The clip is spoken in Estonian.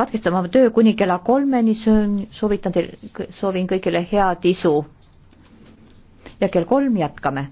katkestame oma töö kuni kella kolmeni, soovitan teil, soovin kõigile head isu. ja kell kolm jätkame